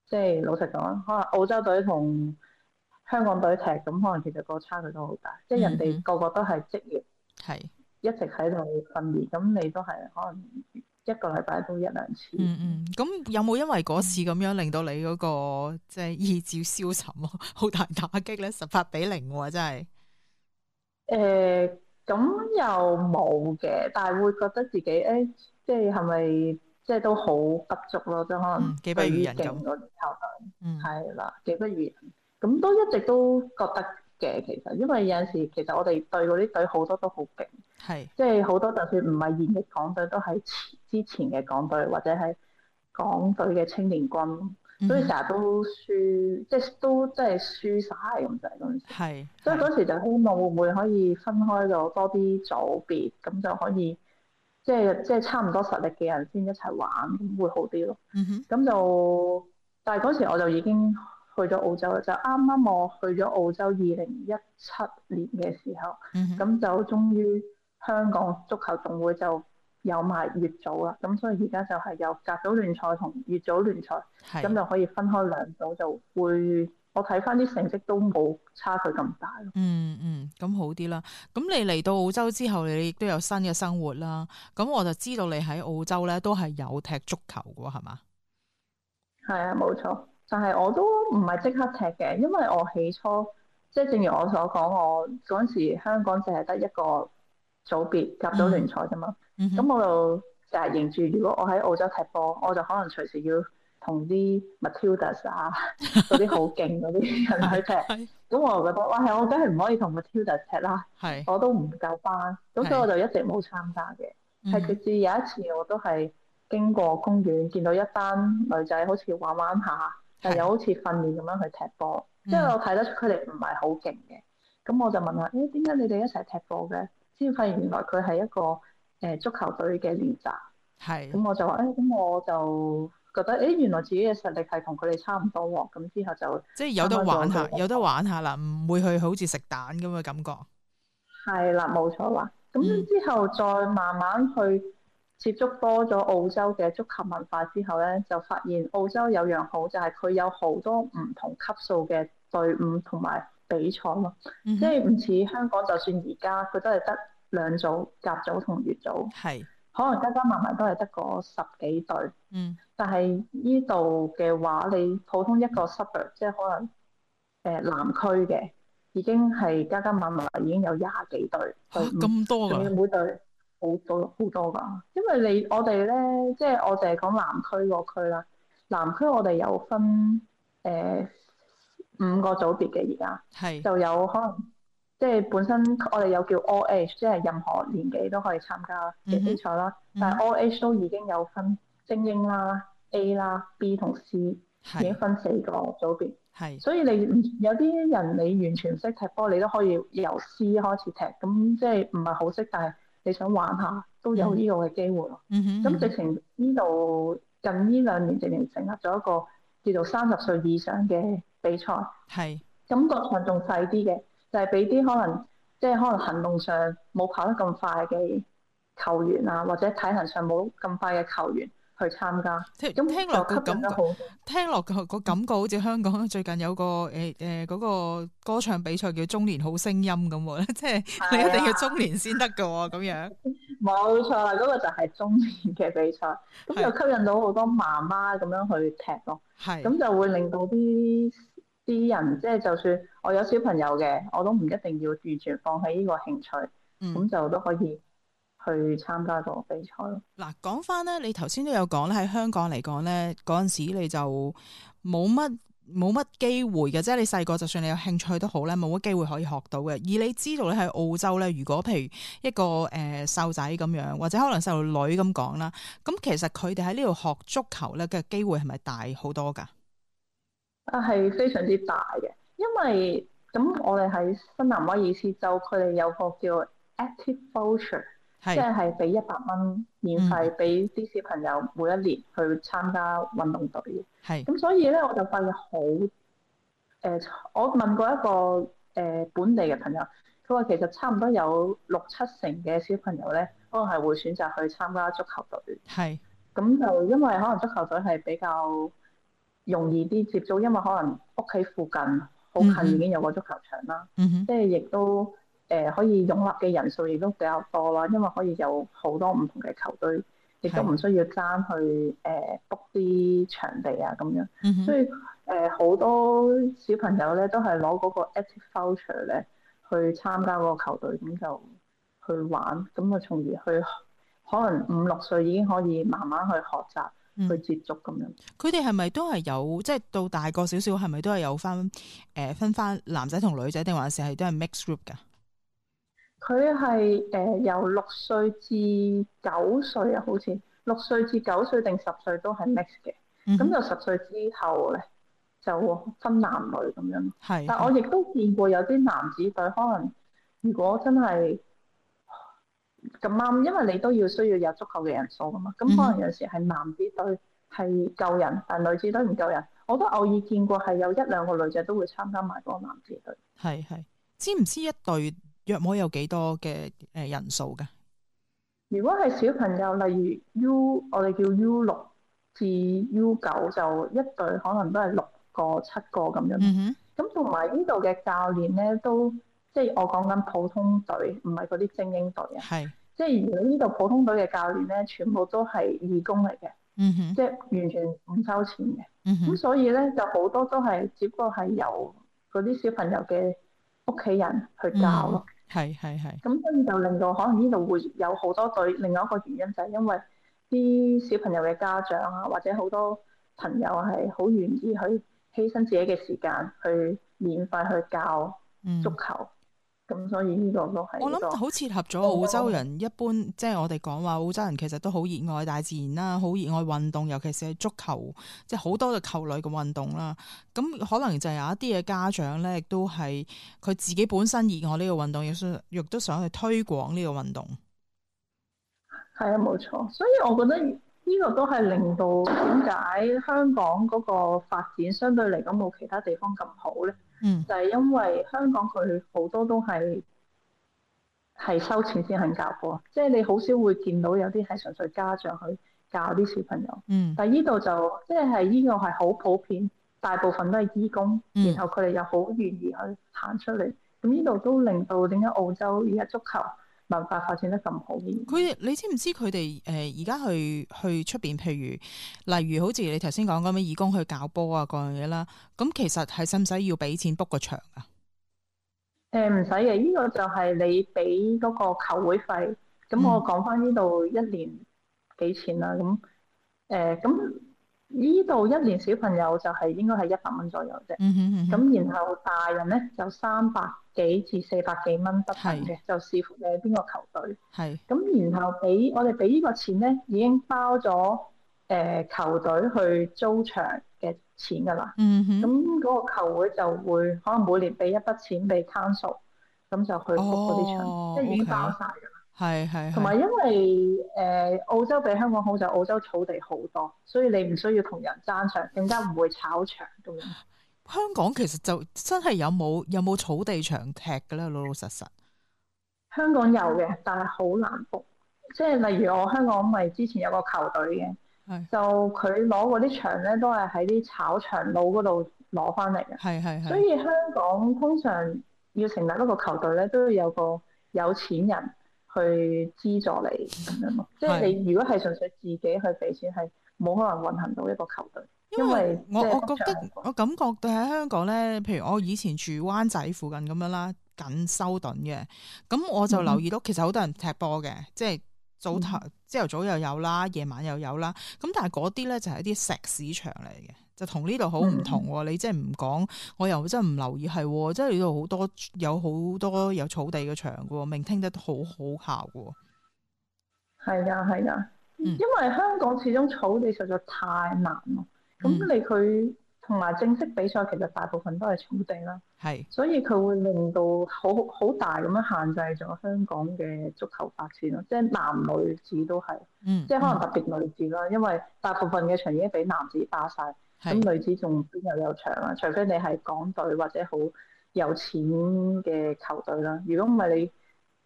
[SPEAKER 5] 即係老實講，可能澳洲隊同香港隊踢，咁可能其實個差距都好大。嗯、即係人哋個個都係職業，係、嗯、一直喺度訓練，咁你都係可能。一個禮拜都一兩
[SPEAKER 1] 次。嗯嗯，咁、嗯、有冇因為嗰次咁樣、嗯、令到你嗰、那個即係、就是、意志消沉啊？ 好大打擊咧，十八比零喎、啊，真
[SPEAKER 5] 係。誒、呃，咁又冇嘅，但係會覺得自己誒、欸，即係係咪即係都好不足咯？即可能幾不如人咁。嗯，係啦，幾不如人。咁、嗯、都一直都覺得。嘅其實，因為有陣時其實我哋對嗰啲隊好多都好勁，係是即係好多就算唔係現役港隊，都係之前嘅港隊或者係港隊嘅青年軍，所以成日都輸，即係都即係輸晒。咁就係嗰陣時。樣是所以嗰時就希望會唔會可以分開咗多啲組別，咁就可以即係即係差唔多實力嘅人先一齊玩，咁會好啲咯。嗯，咁哼就，但係嗰時我就已經。去咗澳洲啦，就啱啱我去咗澳洲二零一七年嘅時候，咁、嗯、哼就終於香港足球總會就有埋乙組啦，咁所以而家就係有甲組聯賽同乙組聯賽，咁是就可以分開兩組就會，我睇翻啲成績都冇差距咁大。嗯嗯，
[SPEAKER 1] 咁、嗯、好啲啦。咁你嚟到澳洲之後，你亦都有新嘅生活啦。咁我就知道你喺澳洲咧都係有踢足球嘅係嘛？
[SPEAKER 5] 係啊，冇錯。但係我都唔係即刻踢嘅，因為我起初即係正如我所講，我嗰陣時香港淨係得一個組別甲組聯賽啫嘛。咁我就成日認住，如果我喺澳洲踢波，我就可能隨時要同啲 Matildas 啊嗰啲好勁嗰啲人去踢。咁我就覺得哇，係我梗係唔可以同 Matildas 踢啦，我都唔夠班。咁所以我就一直冇參加嘅。係直至有一次，我都係經過公園，見到一班女仔好似玩玩下。就又是好似訓練咁樣去踢波，即係、嗯、我睇得出佢哋唔係好勁嘅，咁我就問下，誒，點解你哋一齊踢波嘅？先發現原來佢係一個誒足球隊嘅練習，係是。咁我就話，誒、欸、咁我就覺得，誒、欸、原來自己嘅實力係同佢哋差唔多喎。咁之後就即係有得玩下，
[SPEAKER 1] 有得玩下啦，唔會去好似食蛋咁嘅感覺。
[SPEAKER 5] 係啦，冇錯啦、啊。咁之後再慢慢去。嗯接觸多咗澳洲嘅足球文化之後咧，就發現澳洲有樣好就係、是、佢有好多唔同級數嘅隊伍同埋比賽咯，嗯、即係唔似香港就算而家佢都係得兩組甲組同乙組，係是可能加加埋埋都係得個十幾隊。嗯，但係呢度嘅話，你普通一個 Super 即係可能誒南區嘅已經係加加埋埋已經有廿幾隊，哇咁、啊、多、啊、隊伍，每隊。好多好多噶，因為你我哋咧，即係我淨係講南區嗰區啦。南區我哋有分，誒、呃、五個組別嘅，而家係就有可能即係本身我哋有叫 all age 即係任何年紀都可以參加嘅比賽啦。嗯、哼但係 all age 都已經有分精英啦、A 啦、B 同 C，是已經分四個組別。係是所以你有啲人你完全唔識踢波，你都可以由 C 開始踢，咁即係唔係好識，但係。你想玩下都有呢個嘅機會，咁直情呢度近呢兩年直情成立咗一個叫做三十歲以上嘅比賽，係感覺運動細啲嘅，就係俾啲可能即係、就是、可能行動上冇跑得咁快嘅球員啊，或者體能上冇咁快嘅球員。去參
[SPEAKER 1] 加，聽聽落個感覺，聽落個感覺好似香港最近有個誒誒嗰個歌唱比賽叫中年好聲音咁喎， 即係你一定要中年
[SPEAKER 5] 先得嘅喎，咁、哎、呀 樣。冇錯，嗰、那個就係中年嘅比賽，咁就吸引到好多媽媽咁樣去踢咯。係是，咁就會令到啲啲人，即係是就，就算我有小朋友嘅，我都唔一定要完全放棄呢個興趣，咁、嗯、就都可以。去參
[SPEAKER 1] 加個比賽咯。嗱，講翻咧，你頭先都有講咧，喺香港嚟講咧，嗰陣時你就冇乜冇乜機會嘅，即係你細個就算你有興趣都好咧，冇乜機會可以學到嘅。而你知道咧，喺澳洲咧，如果譬如一個誒細路仔咁樣，或者可能細路女咁講啦，咁其實佢哋喺呢度學足球咧嘅機會係咪大好多噶？
[SPEAKER 5] 啊，係非常之大嘅，因為咁我哋喺新南威爾斯州，佢哋有個叫 Active Future。是即係俾一百蚊免費俾啲、嗯、小朋友每一年去參加運動隊嘅，咁是所以咧我就發現好誒，我問過一個誒、呃、本地嘅朋友，佢話其實差唔多有六七成嘅小朋友咧，可能係會選擇去參加足球隊。係咁是就因為可能足球隊係比較容易啲接觸，因為可能屋企附近好近已經有個足球場啦，嗯嗯、即係亦都。誒、呃、可以容納嘅人數亦都比較多啦，因為可以有好多唔同嘅球隊，亦都唔需要爭去誒 book 啲場地啊，咁樣，嗯、哼所以誒好、呃、多小朋友咧都係攞嗰個 active culture 咧去參加嗰個球隊，咁就去玩，咁啊從而去可能五六歲已經可以慢慢去學習去接觸咁樣。
[SPEAKER 1] 佢哋係咪都係有即係、就是、到大個少少係咪都係有返誒分返、呃、男仔同女仔定還是係都係 mixed group 㗎？
[SPEAKER 5] 佢係誒由六歲至九歲啊，好似六歲至九歲定十歲都係 mix 嘅，咁、嗯、哼就十歲之後咧就分男女咁樣。係的，但我亦都見過有啲男子隊，可能如果真係咁啱，因為你都要需要有足夠嘅人數噶嘛，咁可能有陣時係男子隊係、嗯、哼夠人，但女子隊唔夠人，我都偶爾見過係有一兩個女仔都會參加埋嗰個男子隊。
[SPEAKER 1] 係係，知唔知一隊？約摸有幾多嘅誒人數嘅？
[SPEAKER 5] 如果係小朋友，例如 U，我哋叫 U 六至 U 九，就一隊可能都係六個、七個咁樣。咁同埋呢度嘅教練咧，都即係我講緊普通隊，唔係嗰啲精英隊啊。係是，即係如果呢度普通隊嘅教練咧，全部都係義工嚟嘅，嗯、哼即係完全唔收錢嘅。咁、嗯、哼所以咧就好多都係，只不過係由嗰啲小朋友嘅屋企人去教咯。嗯
[SPEAKER 1] 係係係，
[SPEAKER 5] 咁所以就令到可能呢度會有好多對，另外一個原因就係因為啲小朋友嘅家長啊，或者好多朋友係好願意去犧牲自己嘅時間去免費去教足球。嗯咁所以呢個都係我
[SPEAKER 1] 諗好切合咗澳洲人、嗯、一般，即係我哋講話澳洲人其實都好熱愛大自然啦，好熱愛運動，尤其是係足球，即係好多嘅球類嘅運動啦。咁可能就係有一啲嘅家長咧，亦都係佢自己本身熱愛呢個運動，亦亦都想去推廣呢個運動。
[SPEAKER 5] 係啊，冇錯。所以我覺得呢個都係令到點解香港嗰個發展相對嚟講冇其他地方咁好咧？嗯，就係因為香港佢好多都係係收錢先肯教課，即係你好少會見到有啲係純粹家長去教啲小朋友。嗯，但係呢度就即係呢個係好普遍，大部分都係義工，然後佢哋又好願意去彈出嚟。咁呢度都令到點解澳洲而家足球文化發展得咁好，
[SPEAKER 1] 佢哋，你知唔知佢哋誒而家去去出邊，譬如例如好似你頭先講咁樣義工去搞波啊嗰樣嘢啦，咁其實係使唔使要俾錢 book 個場啊？
[SPEAKER 5] 誒唔使嘅，呢、呢個就係你俾嗰個球會費。咁我講翻呢度一年幾錢啊？咁誒咁。呃到一年小朋友就係應該係一百蚊左右啫，咁、嗯嗯、然後大人咧就三百幾至四百幾蚊不等嘅，是就視乎你係邊個球隊。係咁是然後俾我哋俾呢個錢咧，已經包咗誒、呃、球隊去租場嘅錢㗎喇。嗯咁，哼嗰個球會就會可能每年俾一筆錢俾 council，咁就去 book 嗰啲場，即係已經包晒。嗯
[SPEAKER 1] 係係，同埋因
[SPEAKER 5] 為誒、呃、澳洲比香港好就澳洲草地好多，所以你唔需要同人爭場，更加唔會炒場咁樣。
[SPEAKER 1] 香港其實就真係有冇有冇草地場踢嘅咧？老老實實。
[SPEAKER 5] 香港有嘅，但係好難 book。即係例如我香港咪之前有個球隊嘅，是就佢攞嗰啲場咧都係喺啲炒場佬嗰度攞翻嚟嘅。係係係。所以香港通常要成立一個球隊咧，都要有個有錢人。去資助你咁樣咯，即、就、係、是、你如果係純粹自己去俾錢，係冇可能運行到一個球隊，
[SPEAKER 1] 因為我，因為我覺得我感覺到喺香港咧，譬如我以前住灣仔附近咁樣啦，近修頓嘅，咁我就留意到其實好多人踢波嘅，嗯、即係早頭朝頭早又有啦，夜晚又有啦，咁但係嗰啲咧就係一啲石屎場嚟嘅。就同呢度好唔同，嗯、你即係唔講，我又真係唔留意，係即係呢度好多有好多有草地嘅場嘅，明聽得好好效嘅。
[SPEAKER 5] 係啊，係啊，因為香港始終草地實在太難咯。咁、嗯、你佢同埋正式比賽其實大部分都係草地啦，係是，所以佢會令到好好大咁樣限制咗香港嘅足球發展咯，即係男女子都係，嗯、即係可能特別女子啦，嗯、因為大部分嘅場已經俾男子霸晒。咁女子仲邊度有場啊？除非你係港隊或者好有錢嘅球隊啦。如果唔係，你，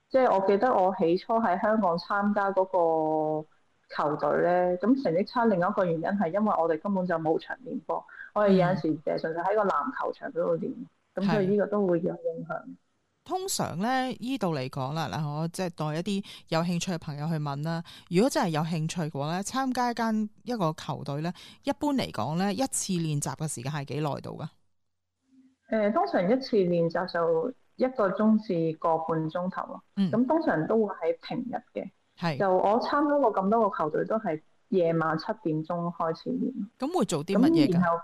[SPEAKER 5] 即係我記得我起初喺香港參加嗰個球隊咧，咁成績差。另一個原因係因為我哋根本就冇場練波，我哋有陣時就純粹喺個籃球場嗰度練，咁所以呢個都會有影響。
[SPEAKER 1] 通常咧依度嚟講啦，嗱我即係代一啲有興趣嘅朋友去問啦。如果真係有興趣嘅話咧，參加一間一個球隊咧，一般嚟講咧，一次練習嘅時間係幾耐度噶？
[SPEAKER 5] 誒，通常一次練習就一個鐘至個半鐘頭咯。嗯，咁通常都會喺平日嘅。係。就我參加過咁多個球隊，都係夜晚七點鐘開始練。咁會做啲乜嘢㗎？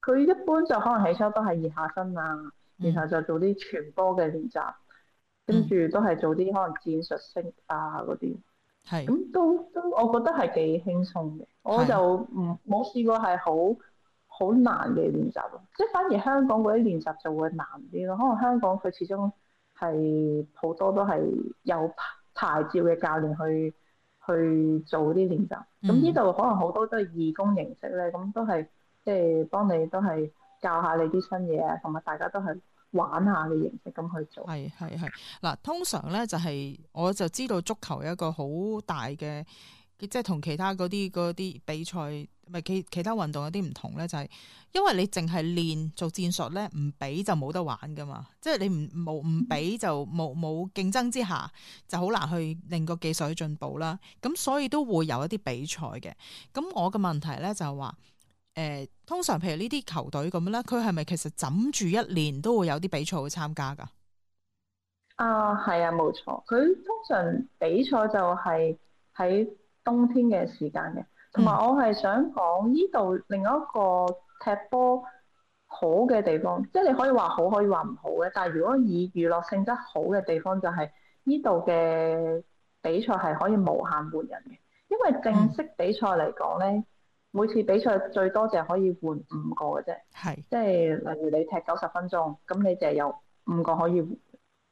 [SPEAKER 5] 佢一般就可能起初都係熱下身啊。然後就做啲傳波嘅練習，跟住、嗯、都係做啲可能戰術性啊嗰啲，係咁是都都，我覺得係幾輕鬆嘅。我就唔冇試過係好好難嘅練習咯，即係反而香港嗰啲練習就會難啲咯。可能香港佢始終係好多都係有牌照嘅教練去去做啲練習，咁呢度可能好多都係義工形式咧，咁都係即係幫你都係教下你啲新嘢啊，同埋大家都係。玩下嘅形式
[SPEAKER 1] 咁去做，係係係嗱，通常咧就係我就知道足球一、就是、有一個好大嘅，即係同其他嗰啲啲比賽唔係其其他運動有啲唔同咧，就係因為你淨係練做戰術咧，唔比就冇得玩噶嘛，即、就、係、是、你唔冇唔比就冇冇競爭之下，就好難去令個技術去進步啦。咁所以都會有一啲比賽嘅。咁我嘅問題咧就係話。誒，通常譬如呢啲球隊咁啦，佢係咪其實枕住一年都會有啲比賽去參加噶？
[SPEAKER 5] 啊，係啊，冇錯。佢通常比賽就係喺冬天嘅時間嘅。同埋我係想講呢度另一個踢波好嘅地方，嗯、即係你可以話好，可以話唔好嘅。但係如果以娛樂性質好嘅地方，就係呢度嘅比賽係可以無限換人嘅，因為正式比賽嚟講咧。嗯嗯每次比賽最多淨係可以換五個嘅啫，係是即係例如你踢九十分鐘，咁你淨係有五個可以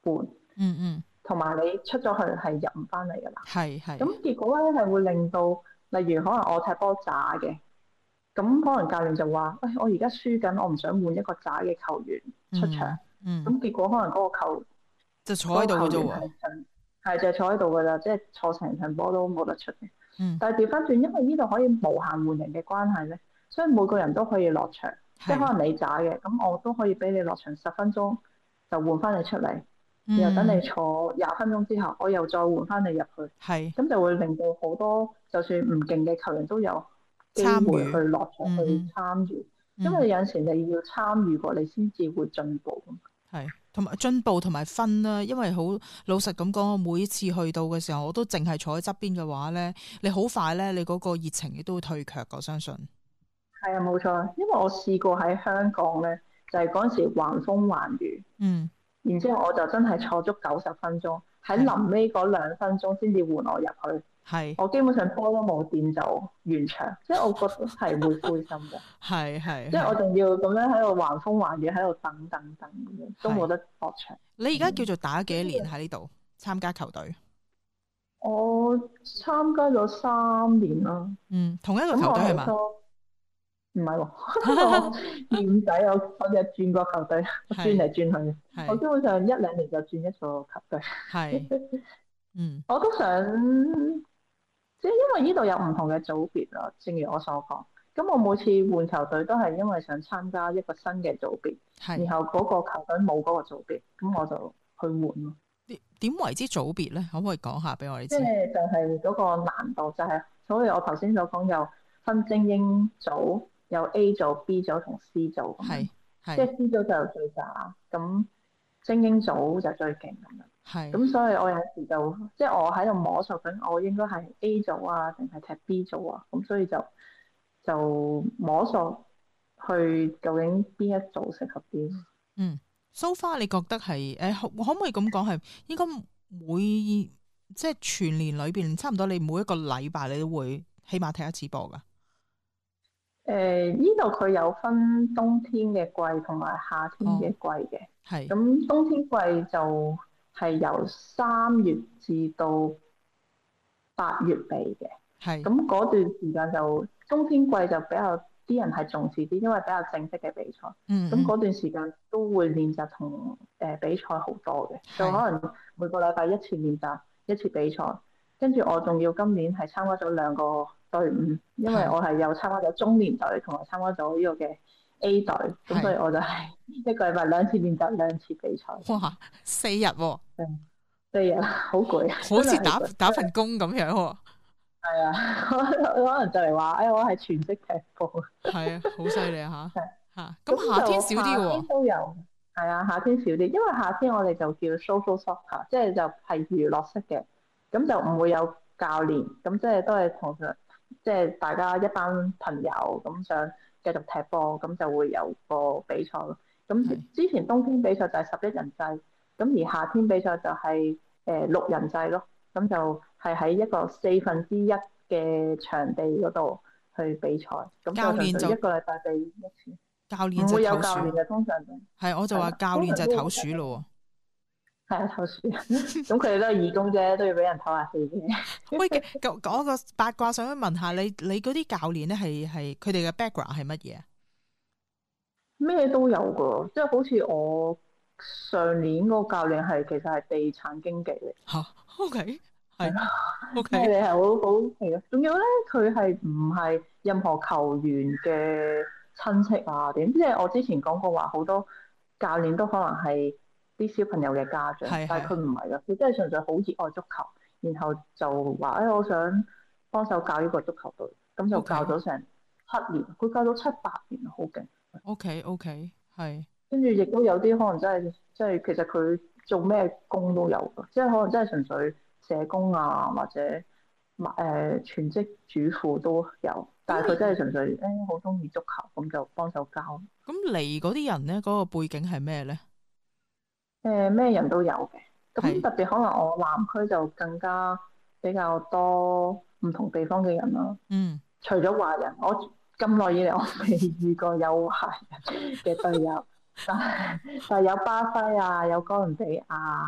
[SPEAKER 5] 換，嗯嗯，同、嗯、埋你出咗去係入唔返嚟㗎喇，係係。咁結果呢係會令到，例如可能我踢波渣嘅，咁可能教練就話，喂、哎，我而家輸緊，我唔想換一個渣嘅球員出場，嗯，咁、嗯、結果可能嗰個球就坐喺度就係，係就坐喺度㗎喇，即係坐成場波都冇得出嘅。嗯、但係調翻轉，因為呢度可以無限換人嘅關係咧，所以每個人都可以落場，是即係可能你渣嘅，咁我都可以俾你落場十分鐘，就換翻你出嚟，嗯、
[SPEAKER 3] 然後等你
[SPEAKER 5] 坐廿分鐘之後，我又再換翻你入去，係是，咁就會令到好多就算唔勁嘅球員都有機會去落場參與、嗯、去參與，因為有時你要參與過，你先至會進步啊嘛，
[SPEAKER 1] 同埋進步同埋分啦，因為好老實咁講，我每一次去到嘅時候，我都淨係坐喺側邊嘅話咧，你好快咧，你嗰個熱情亦都會退卻，我相信。
[SPEAKER 5] 係啊，冇錯，因為我試過喺香港咧，就係嗰陣時橫風橫雨，嗯，然之後我就真係坐足九十分鐘，喺臨尾嗰兩分鐘先至換我入去。係，是我基本上波都冇掂就完場，即、就、係、是、我覺得係會灰心嘅。
[SPEAKER 1] 係係，即係我仲
[SPEAKER 5] 要咁樣喺度橫風橫雨喺度等等
[SPEAKER 1] 等都冇得博場。你而家叫做打幾年喺呢度參加球隊？
[SPEAKER 5] 我參加咗三年啦。嗯，同一個球隊係嘛？唔係喎，二五仔我我只轉過球隊，轉嚟轉去，是我基本上一兩年就轉一個球隊。係是，嗯， 我都想。即係因為呢度有唔同嘅組別啦，正如我所講。咁我每次換球隊都係因為想參加一個新嘅組別，係然後嗰個球隊冇嗰個組別，咁我就去換咯。點
[SPEAKER 1] 點為之組別咧？可唔可以
[SPEAKER 5] 講下俾我哋知？即係就係嗰個難度，就係、係，所以我頭先所講有分精英組、有 A 組、B 組同 C 組。係係，即係 C 組就最渣，咁精英組就最勁咁樣。係咁，是所以我有時就即係、就是、我喺度摸索緊，我應該係 A 組啊，定係踢 B 組啊？咁所以就就摸索去究竟邊一組適合啲。嗯
[SPEAKER 1] ，so far，你覺得係誒、呃？可唔可以咁講係應該每即係全年裏邊差唔多，你每一個禮拜你都會起碼踢一次波㗎。誒、
[SPEAKER 5] 呃，呢度佢有分冬天嘅季同埋夏天嘅季嘅。係咁、哦，冬天季就。係由三月至到八月尾嘅，係咁嗰段時間就冬天季就比較啲人係重視啲，因為比較正式嘅比賽，咁嗰、嗯嗯嗯、段時間都會練習同誒比賽好多嘅，是就可能每個禮拜一次練習一次比賽，跟住我仲要今年係參加咗兩個隊伍，因為我係又參加咗中年隊同埋參加咗呢個嘅。A 隊咁，是所以我就係一個禮拜兩次練習，兩次比賽。哇！四日喎、啊，四日好攰啊，好似打
[SPEAKER 1] 打份工咁樣、哦。係啊，可能就嚟話，誒、哎，我係全職
[SPEAKER 5] 踢波。係
[SPEAKER 3] 啊，好犀利嚇嚇。咁夏天少啲喎。
[SPEAKER 5] 係啊，夏是、啊、天少啲、啊啊，因為夏天我哋就叫 social social soccer，即係就係娛樂式嘅，咁就唔會有教練，咁即係都係同上，即、就、係、是、大家一班朋友咁上。繼續踢波，咁就會有個比賽咯。咁之前冬天比賽就係十一人制，咁而夏天比賽就係誒，六人制咯。咁就係喺一個四分之一嘅場地嗰度去比賽。咁就，就一個禮拜比一次。教練就唔會有教練嘅，通常就係我就話教練就係投鼠咯。係偷笑，咁佢哋都係義工啫，都要俾
[SPEAKER 1] 人唞下氣嘅。喂，嗰嗰個八卦，想問下你，你嗰啲教練咧，係係佢哋嘅 background 係乜嘢？
[SPEAKER 5] 咩都有噶，即係好似我上年嗰個教練係，其實係地產經紀嚟。吓 ，OK，係，OK，係好好係咯。仲有咧，佢係唔係任何球員嘅親戚啊？點，即係我之前講過話，好多教練都可能係。啲小朋友嘅家長，係係但係佢唔係咯，佢真係純粹好熱愛足球，然後就話，誒、哎，我想幫手教呢個足球隊，咁就教咗成七年，佢 Okay. 教咗七八年，好勁。
[SPEAKER 1] OK OK，
[SPEAKER 5] 係。跟住亦都有啲可能真係，即係其實佢做咩工都有，即係可能真係純粹社工啊，或者誒、呃、全職主婦都有，但係佢真係純粹誒好中意足球，咁就幫手教。
[SPEAKER 1] 咁嚟嗰啲人咧，嗰個背景係咩
[SPEAKER 5] 咧？誒，咩、呃、人都有嘅，咁特別可能我南區就更加比較多唔同地方嘅人啦。嗯，除咗華人，我咁耐以嚟，我未遇過有華人嘅隊友， 但係但係有巴西啊，有哥倫比亞，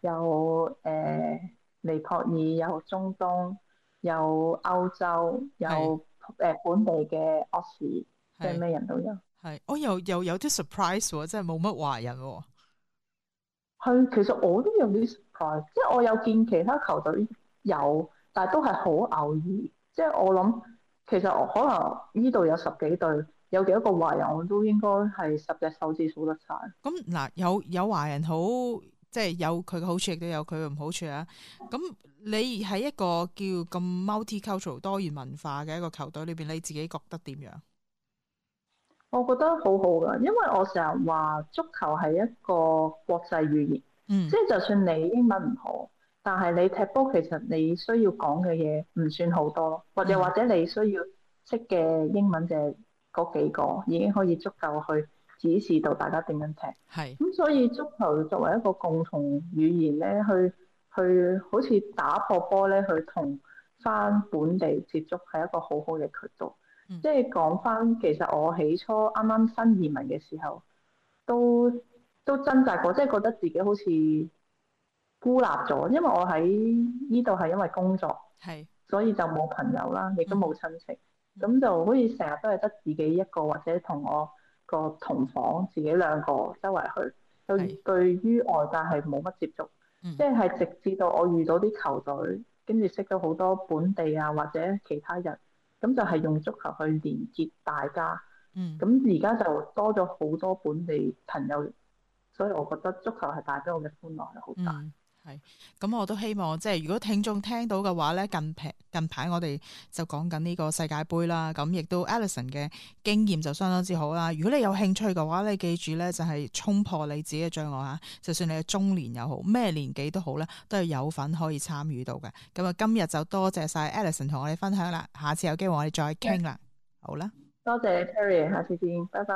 [SPEAKER 5] 有誒、呃、尼泊爾，有中東，有歐洲，有誒是、呃、本地嘅澳士，即係咩人都有。
[SPEAKER 1] 係，我又又有啲 surprise 喎，真係冇乜華人喎。
[SPEAKER 5] 佢其實我都有啲 surprise，即係我有見其他球隊有，但係都係好偶爾。即係我諗，其實可能呢度有十幾隊，有幾多個華人我都應該係十隻手指數得晒。
[SPEAKER 3] 咁
[SPEAKER 1] 嗱、嗯，有有華人好，即係有佢嘅好處，亦都有佢嘅唔好處啊。咁你喺一個叫咁 multicultural 多元文化嘅一個球隊裏邊，你自己覺得點樣？
[SPEAKER 5] 我覺得好好㗎，因為我成日話足球係一個國際語言，即係、嗯、就算你英文唔好，但係你踢波其實你需要講嘅嘢唔算好多，或又或者你需要識嘅英文就係嗰幾個，嗯、已經可以足夠去指示到大家點樣踢。係。咁所以足球作為一個共同語言咧，去去好似打破波咧，去同翻本地接觸係一個好好嘅渠道。即係講返，其實我起初啱啱新移民嘅時候，都都掙扎過，即係覺得自己好似孤立咗，因為我喺呢度係因為工作，係是，所以就冇朋友啦，亦都冇親情，咁、嗯、就好似成日都係得自己一個，或者同我個同房自己兩個周圍去，是就對於外界係冇乜接觸，嗯、即係直至到我遇到啲球隊，跟住識咗好多本地啊或者其他人。咁就係用足球去連結大家，咁而家就多咗好多本地朋友，所以我覺得足球係帶俾我嘅歡樂係好大。嗯
[SPEAKER 1] 係，咁我都希望即係，如果聽眾聽到嘅話咧，近平近排我哋就講緊呢個世界杯啦，咁亦都 Alison 嘅經驗就相當之好啦。如果你有興趣嘅話，你記住咧就係衝破你自己嘅障礙吓，就算你係中年又好，咩年紀都好咧，都係有份可以參與到嘅。咁啊，今日就多謝晒 Alison 同我哋分享啦，下次有機會我哋再傾啦。是好啦，
[SPEAKER 5] 多謝 Tury，下次見，拜拜。